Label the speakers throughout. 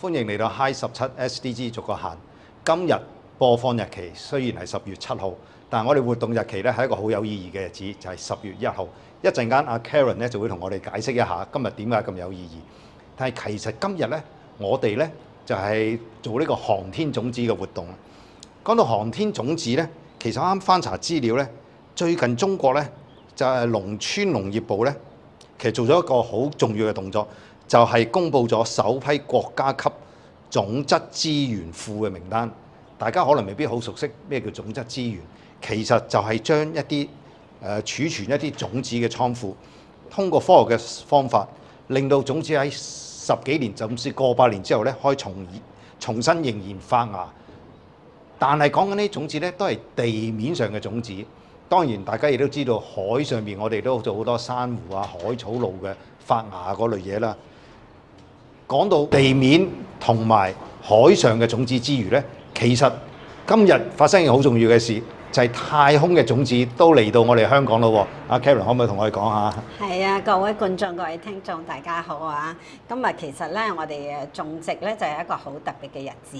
Speaker 1: 歡迎嚟到 High 十七 SDG 逐個行。今日播放日期雖然係十月七號，但係我哋活動日期咧係一個好有意義嘅日子，就係十月一號。一陣間阿 Karen 咧就會同我哋解釋一下今日點解咁有意義。但係其實今日咧，我哋咧就係做呢個航天種子嘅活動。講到航天種子咧，其實啱啱翻查資料咧，最近中國咧就係農村農業部咧，其實做咗一個好重要嘅動作。就係公布咗首批國家級種質資源庫嘅名單，大家可能未必好熟悉咩叫種質資源。其實就係將一啲誒、呃、儲存一啲種子嘅倉庫，通過科學嘅方法，令到種子喺十幾年甚至過百年之後咧，可以重重新仍然發芽。但係講緊呢啲種子咧，都係地面上嘅種子。當然大家亦都知道海上面我哋都做好多珊瑚啊、海草類嘅發芽嗰類嘢啦。講到地面同埋海上嘅種子之餘呢，其實今日發生一件好重要嘅事。就係太空嘅種子都嚟到我哋香港咯喎！阿 Karen 可唔可以同我哋講下？
Speaker 2: 係啊，各位觀眾、各位聽眾，大家好啊！今日其實咧，我哋誒種植咧就係一個好特別嘅日子，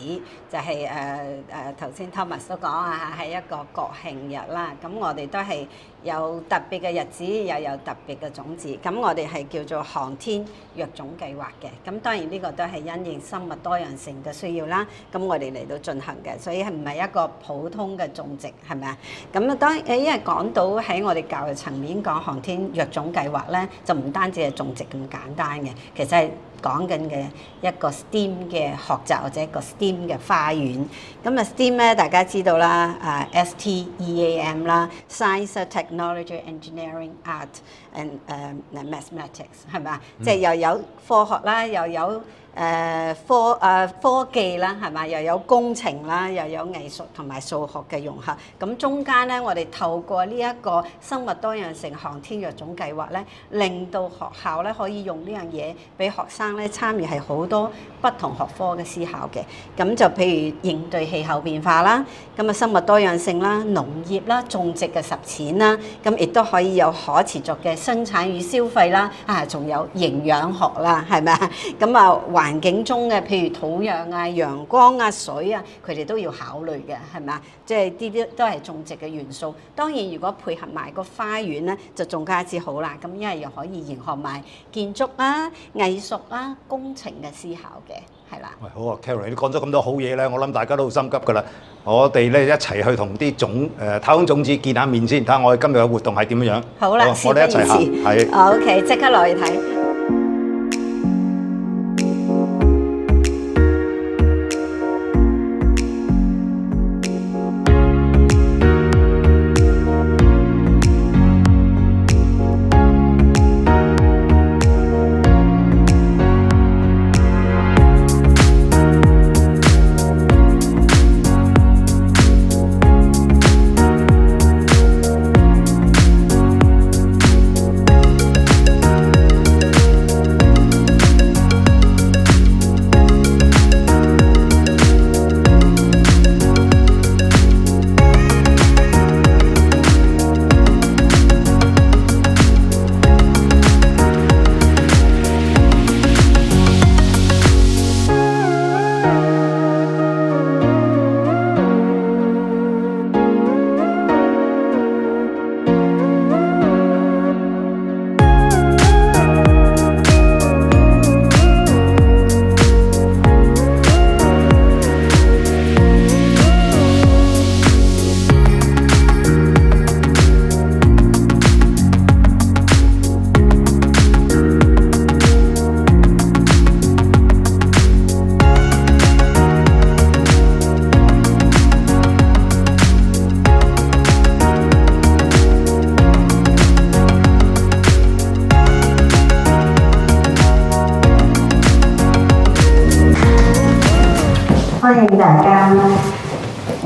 Speaker 2: 就係誒誒頭先 Thomas 都講啊，係一個國慶日啦。咁我哋都係有特別嘅日子，又有特別嘅種子。咁我哋係叫做航天育種計劃嘅。咁當然呢個都係因應生物多樣性嘅需要啦。咁我哋嚟到進行嘅，所以係唔係一個普通嘅種植係？咁啊、嗯，當誒因為講到喺我哋教育層面講航天育種計劃咧，就唔單止係種植咁簡單嘅，其實係。.講緊嘅一個 STEAM 嘅學習或者一個 STEAM 嘅花園，咁啊 STEAM 咧大家知道啦，啊 S T E A M 啦，science、technology、engineering、art and 誒 mathematics 係咪？即係又有科學啦，又有誒科誒科技啦，係咪？又有工程啦，又有藝術同埋數學嘅融合。咁中間咧，我哋透過呢一個生物多樣性航天育種計劃咧，令到學校咧可以用呢樣嘢俾學生。參與係好多不同學科嘅思考嘅，咁就譬如應對氣候變化啦，咁啊生物多樣性啦、農業啦、種植嘅實踐啦，咁亦都可以有可持續嘅生產與消費啦。啊，仲有營養學啦，係咪啊？咁啊環境中嘅譬如土壤啊、陽光啊、水啊，佢哋都要考慮嘅，係咪啊？即係呢啲都係種植嘅元素。當然如果配合埋個花園咧，就仲加之好啦。咁因為又可以迎合埋建築啊、藝術啊。工程嘅思考嘅，係啦。
Speaker 1: 喂，好啊，Carrie，你講咗咁多好嘢咧，我諗大家都好心急噶啦。我哋咧一齊去同啲總誒太空種子見下面先，睇下我哋今日嘅活動係點樣。好啦，啊，好我哋一齊行，係。
Speaker 2: OK，即刻落去睇。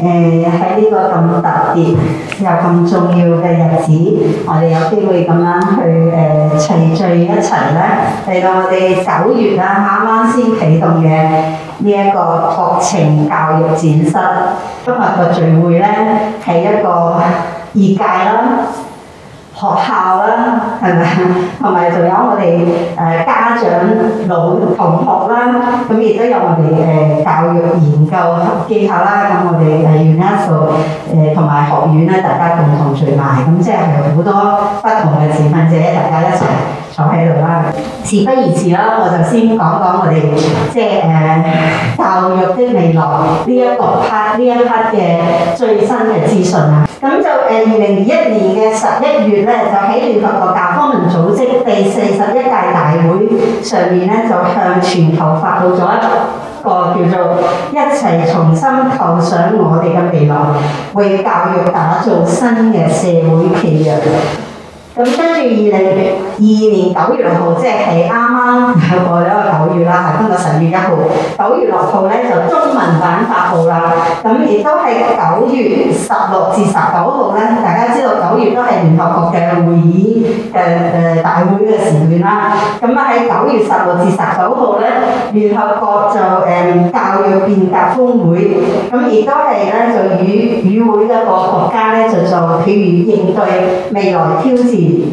Speaker 2: 誒喺呢個咁特別又咁重要嘅日子，我哋有機會咁樣去誒齊聚一齊咧，嚟到我哋九月啊，啱啱先啟動嘅呢一個國情教育展室，今日個聚會咧係一個業界啦，學校啦，係咪？同埋仲有我哋誒家長老同學。都有我哋誒教育研究機構啦，咁我哋誒另一個誒同埋學院咧，大家共同聚埋，咁即係好多不同嘅志願者，大家一齊。好喺度啦，事不宜遲啦，我就先講講我哋即係誒教育的未來呢一個 part，呢一 part 嘅最新嘅資訊啦。咁就誒二零二一年嘅十一月咧，就喺聯合國教科文組織第四十一屆大會上面咧，就向全球發布咗一個叫做一齊重新構想我哋嘅未來，為教育打造新嘅社會契約。咁二零二二年九月六號，即係啱啱過咗個九月啦，係今日十月一號。九月六號咧就中文版發佈啦。咁亦都係九月十六至十九號咧，大家知道九月都係聯合國嘅會議嘅誒大會嘅時段啦。咁啊喺九月十六至十九號咧，聯合國就誒教育變革峰會。咁亦都係咧就與與會一個國家咧就做譬如應對未來挑戰。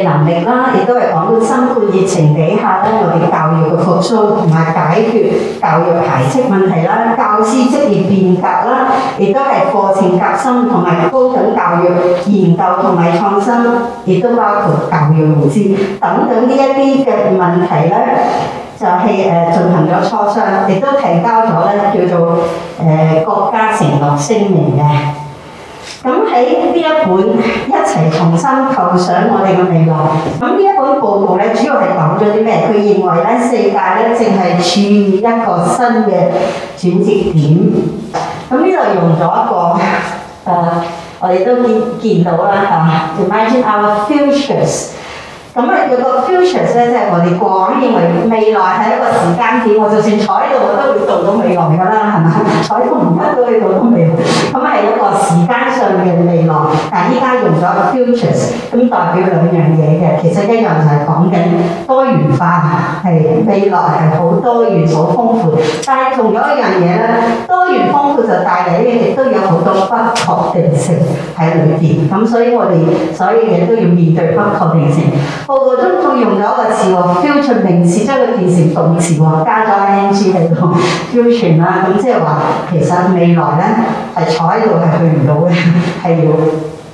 Speaker 2: 能力啦，亦都係講到新冠疫情底下咧，我哋教育嘅復甦同埋解決教育排斥問題啦、教師職業變革啦，亦都係課程革新同埋高等教育研究同埋創新，亦都包括教育融資等等呢一啲嘅問題咧，就係、是、誒進行咗磋商，亦都提交咗咧叫做誒國家承諾聲明嘅。咁喺呢一本一齊重新構想我哋嘅未來。咁呢一本報告咧，主要係講咗啲咩？佢認為咧，世界咧正係處於一個新嘅轉折點。咁呢度用咗一個、呃、我哋都見，見到啦嚇、呃。Imagine our futures. 咁咧，佢個 futures 呢，即係我哋講認為未來係一個時間點，我就算坐喺度我都會到到未來㗎喇，係嘛？坐喺度唔屈到去我都未來。咁係一個時間上嘅未來，但係依家用咗個 futures，咁代表兩樣嘢嘅。其實一樣就係講緊多元化，係未來係好多元、好豐富。但係仲有一樣嘢呢，多元豐富就帶嚟亦都有好多不確定性喺裏面。咁所以我哋所以亦都要面對不確定性。報告中佢用咗一個詞喎，future 名詞，將佢變成動詞喎，加咗 ing 係喎，future 啦。咁即係話其實未來呢，係坐喺度係去唔到嘅，係要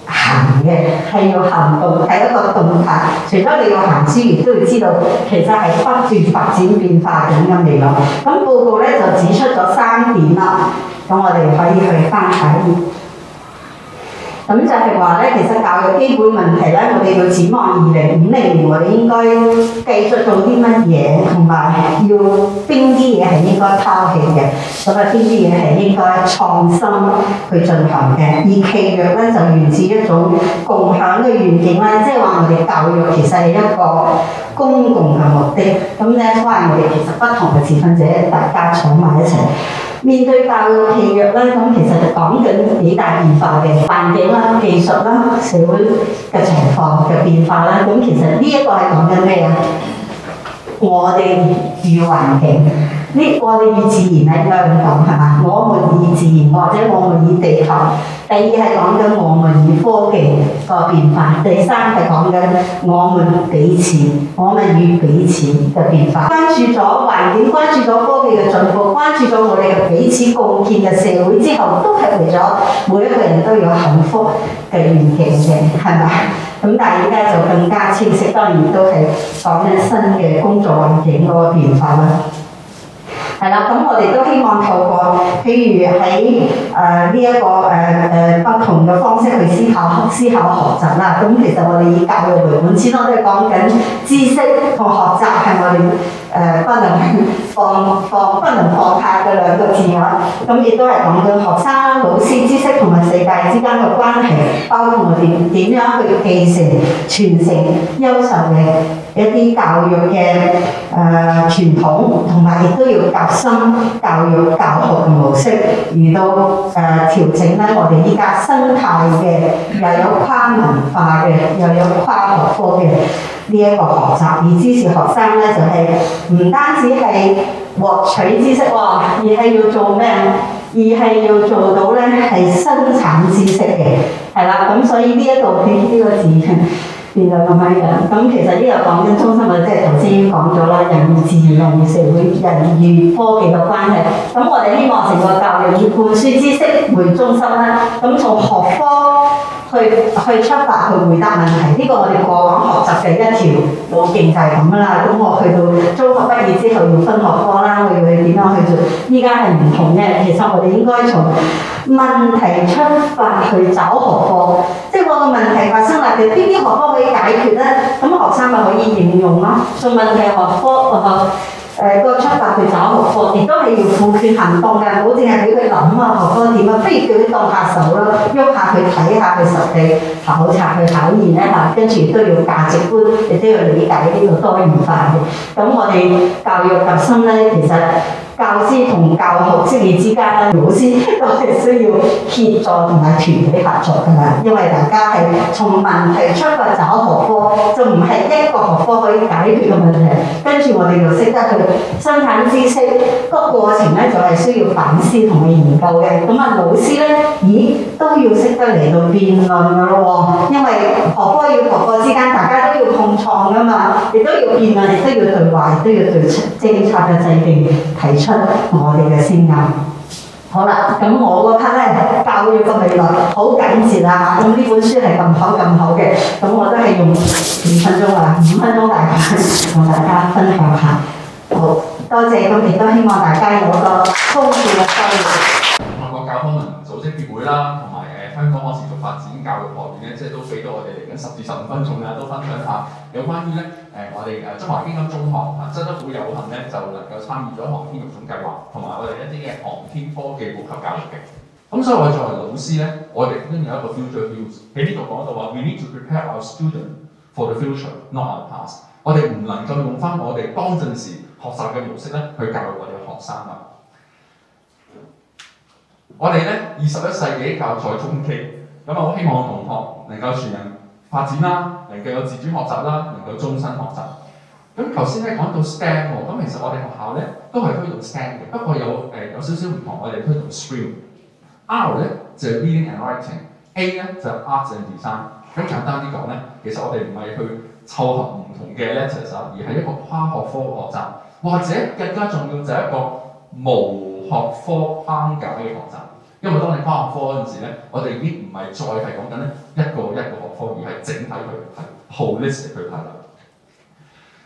Speaker 2: 行嘅，係要行動，係一個動態。除咗你要行之外，都要知道其實係不斷發展變化咁嘅未來。咁報告呢就指出咗三點啦，咁我哋可以去翻睇。咁就係話咧，其實教育基本問題咧，我哋要展望二零五零年，我哋應該繼續做啲乜嘢，同埋要邊啲嘢係應該拋棄嘅，咁啊邊啲嘢係應該創新去進行嘅。而契約咧就源自一種共享嘅願景咧，即係話我哋教育其實係一個公共嘅目的，咁咧關我哋其實不同嘅持份者大家坐埋一齊。面對教育契約咧，咁其實講緊幾大變化嘅環境啦、技術啦、社會嘅情況嘅變化啦。咁其實呢一個係講緊咩啊？我哋與環境，呢我哋與自然啊，一樣講係嘛？我們。或者我們與地球，第二係講緊我們與科技個變化，第三係講緊我們彼此、我們與彼此嘅變化。關注咗環境，關注咗科技嘅進步，關注咗我哋嘅彼此共建嘅社會之後，都係為咗每一個人都有幸福嘅願景嘅，係咪？咁但係而家就更加清晰，當然都係講緊新嘅工作環境嗰個變化啦。係啦，咁、嗯、我哋都希望透過，譬如喺呢一個、呃呃、不同嘅方式去思考、思考學習啦。咁其實我哋以教育為本，始終都係講緊知識同學習係我哋、呃、不能放放不能放擗嘅兩個字眼。咁亦都係講到學生、老師知識同埋世界之間嘅關係，包括我哋點點樣去繼承、傳承優秀嘅一啲教育嘅誒、呃、傳統，同埋亦都要革新教育教學嘅模式，而都調整呢，我哋依家生態嘅又有跨文化嘅，又有跨學科嘅呢一個學習，以支持學生呢，就係、是、唔單止係獲取知識喎，而係要做咩？而係要做到呢係生產知識嘅，係啦。咁所以呢一個呢個字。變到咁樣樣，咁其實呢個講緊中心嘅，即係頭先已經講咗啦，人與自然、人與社會、人與科技嘅關係。咁我哋希望成個教育以灌輸知識為中心啦。咁從學科。 去去出發去回答問題，呢個我哋過往學習嘅一條路徑就係咁啦。咁我去到中學畢業之後要分學科啦，我要去點樣去做？依家係唔同嘅，其實我哋應該從問題出發去找學科，即係我個問題發生啦，其實邊啲學科可以解決呢？咁學生咪可以應用咯，從問題學科。誒個出發佢走學科，亦都係要付諸行動嘅，唔好淨係俾佢諗啊，學科點啊，不如叫佢當下手啦，喐下佢，睇下佢，實地考察佢，考驗一下。跟住都要價值觀，亦都要理解呢個多元化嘅。咁我哋教育核心呢，其實。教師同教學資源之間，老師都係需要協助同埋團隊合作噶嘛。因為大家係從問題出發找學科，就唔係一個學科可以解決嘅問題，跟住我哋就識得去生產知識，那個過程咧就係需要反思同埋研究嘅。咁啊，老師咧，咦都要識得嚟到辯論噶。因為學科要學科之間大家都要共創噶嘛，亦都要辯論，亦都要對話，都要對政策嘅制定提出。出我哋嘅聲音。好啦，咁我個 part 咧教育嘅未來好緊接啦嚇。咁呢本書係咁好咁好嘅，咁我都係用五分鐘啊，五分鐘大家同大家分享下。好多謝咁亦都希望大家有個高調嘅收穫。外國教科文組
Speaker 3: 織協會啦。香港可持續發展教育方面咧，即係都俾到我哋嚟緊十至十五分鐘啦，都分享下有關於咧誒我哋誒中華基金中學啊，真係好有幸咧，就能夠參與咗航天育種計劃同埋我哋一啲嘅航天科技普及教育嘅。咁、嗯、所以我作為老師咧，我哋應有一個 future 喺呢度講到話，we need to prepare our students for the future, not our past。我哋唔能夠用返我哋當陣時學習嘅模式咧，去教育我哋學生啊。我哋咧二十一世紀教材中期。咁啊好希望同學能夠全人發展啦，能夠有自主學習啦，能夠終身學習。咁頭先咧講到 STEM 喎，咁其實我哋學校咧都係推動 STEM 嘅，不過有誒、呃、有少少唔同，我哋推動 STREAM，R 咧就係 reading and writing，A 咧就係 arts and design。咁簡單啲講咧，其實我哋唔係去湊合唔同嘅 letters 而係一個跨學科學習，或者更加重要就係一個
Speaker 2: 無學科
Speaker 3: 框架嘅學習。因為當你跨學科嗰陣時咧，我哋已經唔係再係講緊咧一個一個學科，而係整體去係 holistic 去睇啦。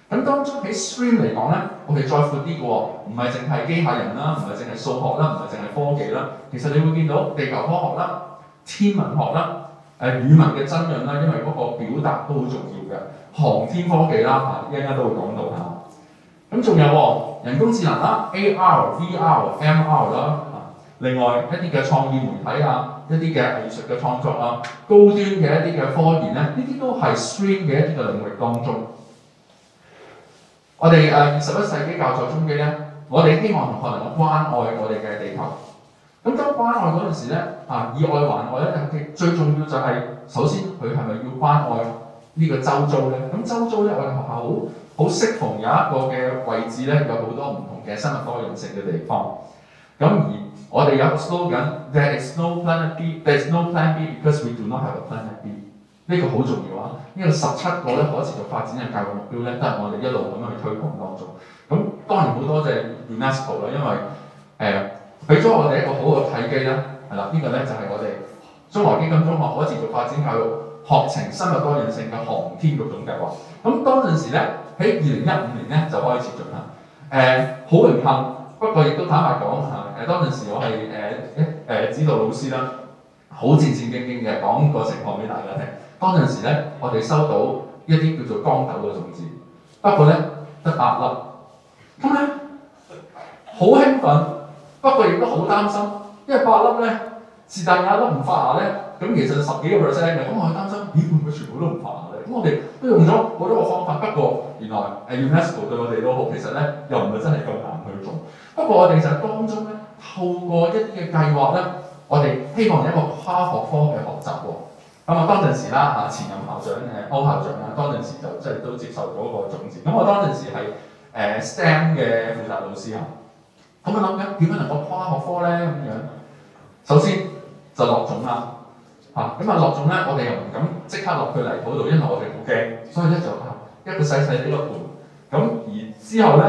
Speaker 3: 咁當中喺 stream 嚟講咧，我哋再闊啲嘅唔係淨係機械人啦，唔係淨係數學啦，唔係淨係科技啦。其實你會見到地球科學啦、天文學啦、誒語文嘅增潤啦，因為嗰個表達都好重要嘅。航天科技啦，啊一陣間都會講到嚇。咁仲有人工智能啦、AR、VR、MR 啦。另外一啲嘅創意媒體啊，一啲嘅藝術嘅創作啊，高端嘅一啲嘅科研咧，呢啲都係 STEAM 嘅一啲嘅領域當中。我哋誒二十一世紀教材中嘅咧，我哋希望同學能夠關愛我哋嘅地球。咁當關愛嗰陣時咧，啊以愛還愛咧，OK，最重要就係首先佢係咪要關愛呢個周遭咧？咁周遭咧，我哋學校好好適逢有一個嘅位置咧，有好多唔同嘅生物多樣性嘅地方。咁而我哋有個 slogan，There is no planet B，there is no planet B because we do not have a planet B。呢個好重要啊！呢個十七個咧可持續發展嘅教育目標咧，都係我哋一路咁樣去推廣當中。咁當然好多謝 UNESCO 啦，因為誒俾咗我哋一個好好嘅契機啦。係啦，呢個咧就係我哋中華基金中學可持續發展教育學程生物多樣性嘅航天育種計劃。咁當陣時咧，喺二零一五年咧就開始進行。誒、呃，好榮幸。不過亦都坦白講嚇，誒當陣時我係誒一指導老師啦，好戰戰兢兢嘅講個情況俾大家聽。當陣時呢，我哋收到一啲叫做豇豆嘅種子，不過呢，得八粒，咁呢，好興奮，不過亦都好擔心，因為八粒呢，是但有一粒唔發芽呢。咁其實十幾個 percent，嘅，咁我係擔心，咦會唔會全部都唔發芽呢？咁我哋都用咗好多個方法，不過。原來 UNESCO 對我哋都好，其實咧又唔係真係咁難去做。不過我哋就當中咧，透過一啲嘅計劃咧，我哋希望一個跨學科嘅學習喎。咁、嗯、啊，當陣時啦嚇，前任校長誒歐校長啦，當陣時就即係都接受咗個種子。咁我當陣時係誒、呃、STEM 嘅負責老師啊，咁啊諗緊點樣能夠跨學科咧咁樣？首先就落種啦嚇，咁啊、嗯、落種咧，我哋又唔敢即刻落去泥土度，因為我哋好驚，所以咧就。一個細細啲個盤，咁而之後咧，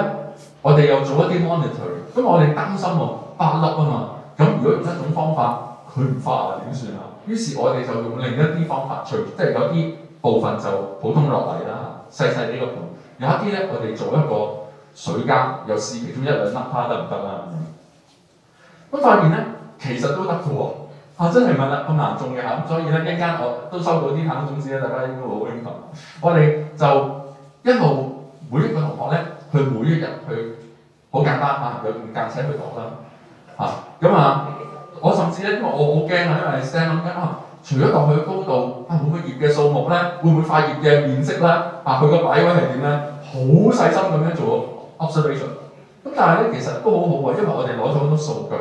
Speaker 3: 我哋又做一啲 monitor。咁我哋擔心喎，八粒啊嘛，咁如果用一種方法佢唔發，點算啊？於是我哋就用另一啲方法，除即係有啲部分就普通落嚟啦，細細啲個盤，有一啲咧我哋做一個水缸，又試其中一兩粒花得唔得啦？咁發現咧，其實都得嘅喎，真係問啦，咁難種嘅嚇，咁所以咧一陣間我都收到啲橙種子咧，大家應該好興奮。我哋就～一路每一個同學咧，去每一日去，好簡單啊，佢唔駕車去度啦嚇。咁啊，啊，我甚至咧，因為我好驚啊，因為師兄諗緊啊，除咗當佢高度，啊會唔會葉嘅數目咧，會唔會，會，會發葉嘅面積咧，啊佢個擺位係點咧，好細心咁樣做 observation。咁、啊、但係咧，其實都好好啊，因為我哋攞咗好多數據。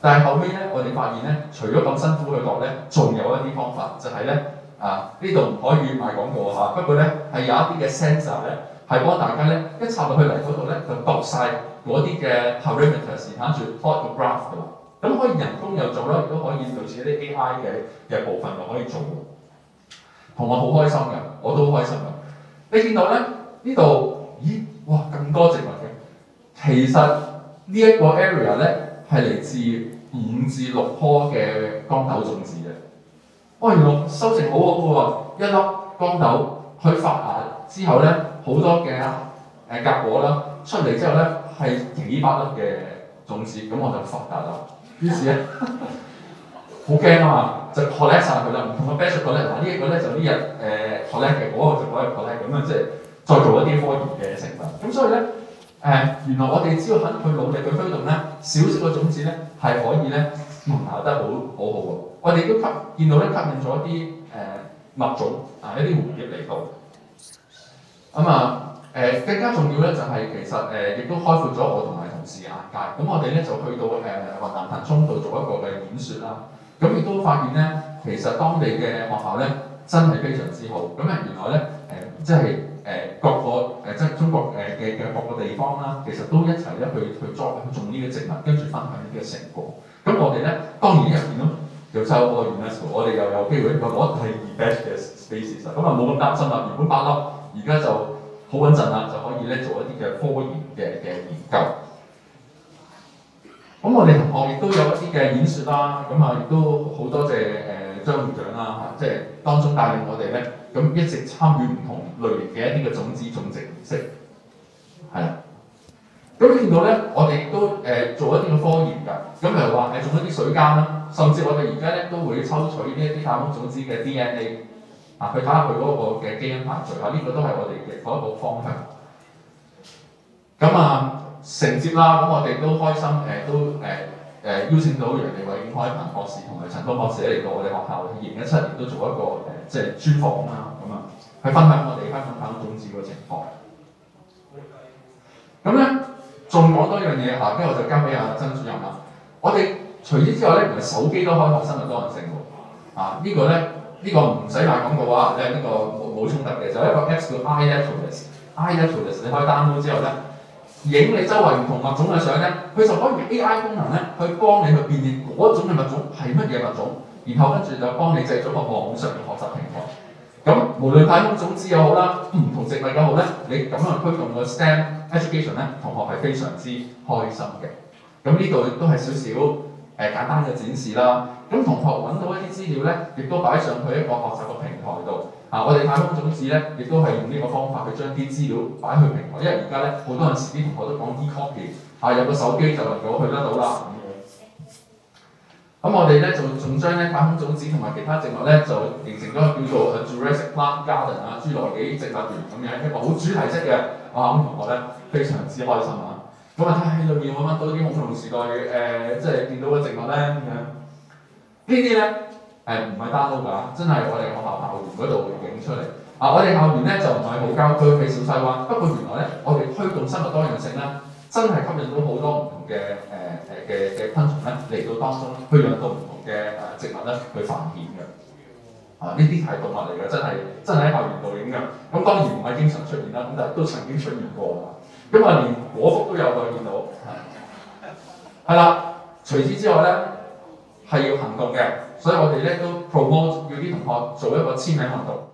Speaker 3: 但係後尾咧，我哋發現咧，除咗咁辛苦去度咧，仲有一啲方法，就係、是、咧。啊！呢度唔可以賣廣告嚇，不過咧係有一啲嘅 sensor 咧，係幫大家咧一插落去嚟嗰度咧，就度晒嗰啲嘅 environment 嘅時間序列 plot 嘅 graph 嘅喎。咁、啊、可以人工又做啦，亦都可以類似一啲 AI 嘅嘅部分又可以做。同我好開心嘅，我都好開心嘅。你見到咧呢度？咦！哇！咁多植物嘅。其實呢一個 area 咧係嚟自五至六棵嘅江豆種子嘅。哦，原來收成好好嘅喎，一粒光豆去發芽之後咧，好多嘅誒夾果啦，出嚟之後咧係幾百粒嘅種子，咁我就發達啦。於是咧，好驚啊嘛，就 collect 晒佢啦。唔同嘅 batch collect，嗱呢一個咧就呢日誒 collect 嘅，嗰個就嗰日 collect 咁樣，即係再做一啲科研嘅成分。咁所以咧。誒、uh, 原來我哋只要肯去努力去推動呢，小小嘅種子呢係可以呢，咧跑得好,好好好我哋都吸見到呢，吸引咗啲誒物種啊一啲蝴蝶嚟到。咁啊誒、呃、更加重要呢，就係其實誒亦、呃、都開闊咗我同埋同事眼界。咁我哋呢，就去到誒雲、呃、南騰衝度做一個嘅演說啦。咁、啊、亦都發現呢，其實當地嘅學校呢，真係非常之好。咁啊原來呢，誒、呃、即係。誒各個誒即係中國誒嘅嘅各個地方啦，其實都一齊咧去去栽去種呢個植物，跟住分享個個呢嘅成果。咁我哋咧當然入邊咧就真係好多我哋又有機會入到第二 b 嘅 s p a c e 咁啊冇咁擔心啦。如果八粒，而家就好穩陣啦，就可以咧做一啲嘅科研嘅嘅研究。咁我哋同學亦都有一啲嘅演說啦，咁啊亦都好多謝誒。呃張會長啦嚇，即係當中帶領我哋呢，咁一直參與唔同類型嘅一啲嘅種子種植模式，係啦。咁見到呢，我哋都誒、呃、做一啲嘅科研㗎，咁譬如話誒種一啲水耕啦，甚至我哋而家呢，都會抽取呢一啲太空種子嘅 DNA，啊，去睇下佢嗰個嘅基因排序嚇，呢、啊這個都係我哋嘅一個方向。咁、嗯、啊，承、呃、接啦，咁、嗯、我哋都開心誒、呃，都誒。呃邀請到楊利偉院士同埋陳東博士嚟到我哋學校，二零一七年都做一個即係專訪啊咁啊，去分享我哋分享翻中資個情況。咁呢，仲講多一樣嘢嚇，跟住我就交俾阿曾主任啦。我哋除此之外咧，唔係手機都開學生嘅多人性喎。啊，呢個咧，呢個唔使賣廣告啊，呢個冇冇衝突嘅，就一個 X 叫 i f o s i f o s 你開單號之後呢。影你周圍唔同物種嘅相咧，佢透過啲 AI 功能咧，去幫你去辨認嗰種嘅物種係乜嘢物種，然後跟住就幫你製造個網上嘅學習平台。咁無論太空種子又好啦，唔同植物又好咧，你咁樣推動個 STEM education 咧，同學係非常之開心嘅。咁呢度都係少少誒簡單嘅展示啦。咁同學揾到一啲資料呢，亦都擺上去一個學習個平台度。 啊！我哋太空種子呢，亦都係用呢個方法去將啲資料擺去平台，因為而家呢，好多陣時啲同學都講 e copy，啊入個手機就能夠去得到喇。
Speaker 2: 咁、嗯、我哋呢，仲
Speaker 3: 仲將呢太空種子同埋其他植物呢，就形成咗叫做、A、Jurassic Plant Garden 啊侏羅紀植物園咁樣一個好主題式嘅，啊啲同學呢，非常之開心啊！咁啊喺裏面我揾到啲恐龍時代誒，即係見到嘅植物呢，咁呢啲呢。誒唔係 download 㗎，真係我哋學校校園嗰度影出嚟。啊，我哋校園呢就唔係冇郊區嘅小西灣，不過原來呢，我哋推動生物多樣性咧，真係吸引到好多唔同嘅誒誒嘅嘅昆蟲呢嚟到當中咧去養到唔同嘅誒植物呢去繁衍嘅。啊，呢啲係動物嚟嘅，真係真係喺校園度影嘅。咁當然唔係經常出現啦，咁但係都曾經出現過。咁啊，連果蝠都有過見到。係、啊、啦，除此之外呢，係要行動嘅。所以我哋咧都 promote，要啲同學做一個簽名運動。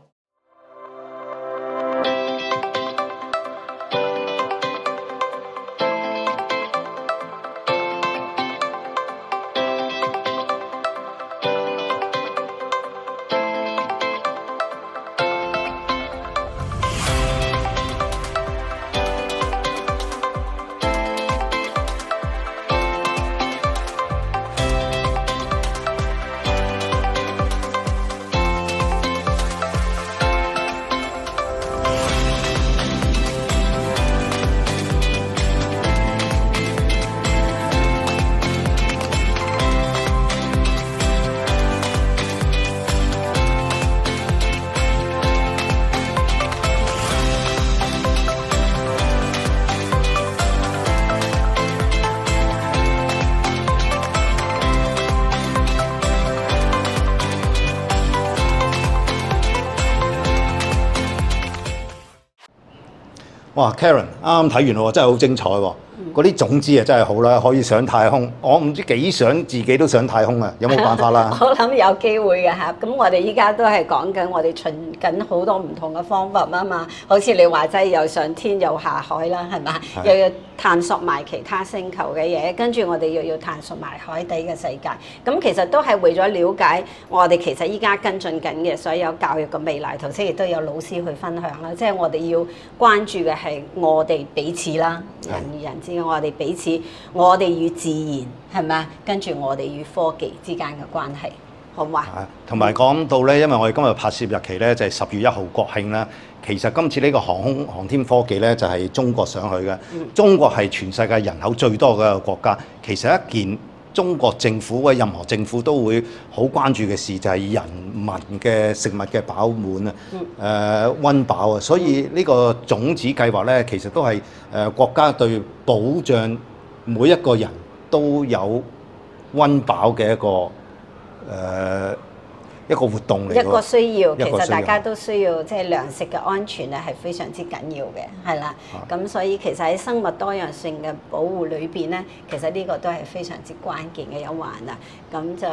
Speaker 1: 哇，Karen 啱啱睇完喎，真係好精彩。嗰啲種子啊，嗯、真係好啦，可以上太空。我唔知幾想自己都上太空啊！有冇辦法啦？ 我
Speaker 2: 諗有機會嘅嚇。咁我哋依家都係講緊我哋循緊好多唔同嘅方法啊嘛。好似你話齋又上天又下海啦，係咪？是的 又要探索埋其他星球嘅嘢，跟住我哋又要探索埋海底嘅世界。咁其實都係為咗了，了解我哋其實依家跟進緊嘅所有教育嘅未來。頭先亦都有老師去分享啦，即係我哋要關注嘅係我哋彼此啦，人與人。我哋彼此，我哋與自然係嘛？跟住我哋與科技之間嘅關係，好唔好啊？
Speaker 1: 同埋講到呢，因為我哋今日拍攝日期呢，就係十月一號國慶啦。其實今次呢個航空航天科技呢，就係中國上去嘅。中國係全世界人口最多嘅一個國家，其實一件。中國政府或任何政府都會好關注嘅事就係、是、人民嘅食物嘅飽滿啊，誒、呃、溫飽啊，所以呢個種子計劃呢，其實都係誒、呃、國家對保障每一個人都有溫飽嘅一個誒。呃一個活動嚟，一個需要，其實大家都
Speaker 2: 需要，即係糧食嘅安全咧係非常之緊要嘅，係啦。咁是的 所以其實喺生物多樣性嘅保護裏邊咧，其實呢個都係非常之關鍵嘅一環啦。咁就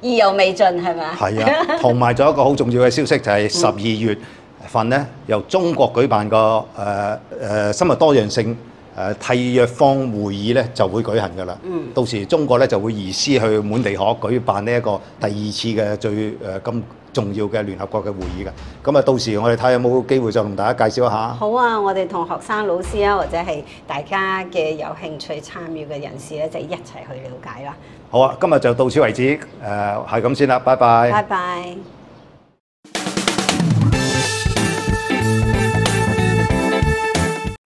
Speaker 2: 意猶未盡係咪？係啊，同
Speaker 1: 埋仲有一個好重要嘅消息就係十二月份咧，由中國舉辦個誒誒生物多樣性。誒、呃、締約方會議咧就會舉行㗎啦，嗯、到時中國咧就會移師去滿地可舉，舉辦呢一個第二次嘅最誒咁、呃、重要嘅聯合國嘅會議㗎。咁、嗯、啊到時我哋睇有冇機會再同大家介紹下。
Speaker 2: 好啊，我哋同學生老師啊，或者係大家嘅有興趣參與嘅人士咧，就一齊去了解啦。
Speaker 1: 好啊，今日就到此為止，誒係咁先啦，拜拜。拜
Speaker 2: 拜。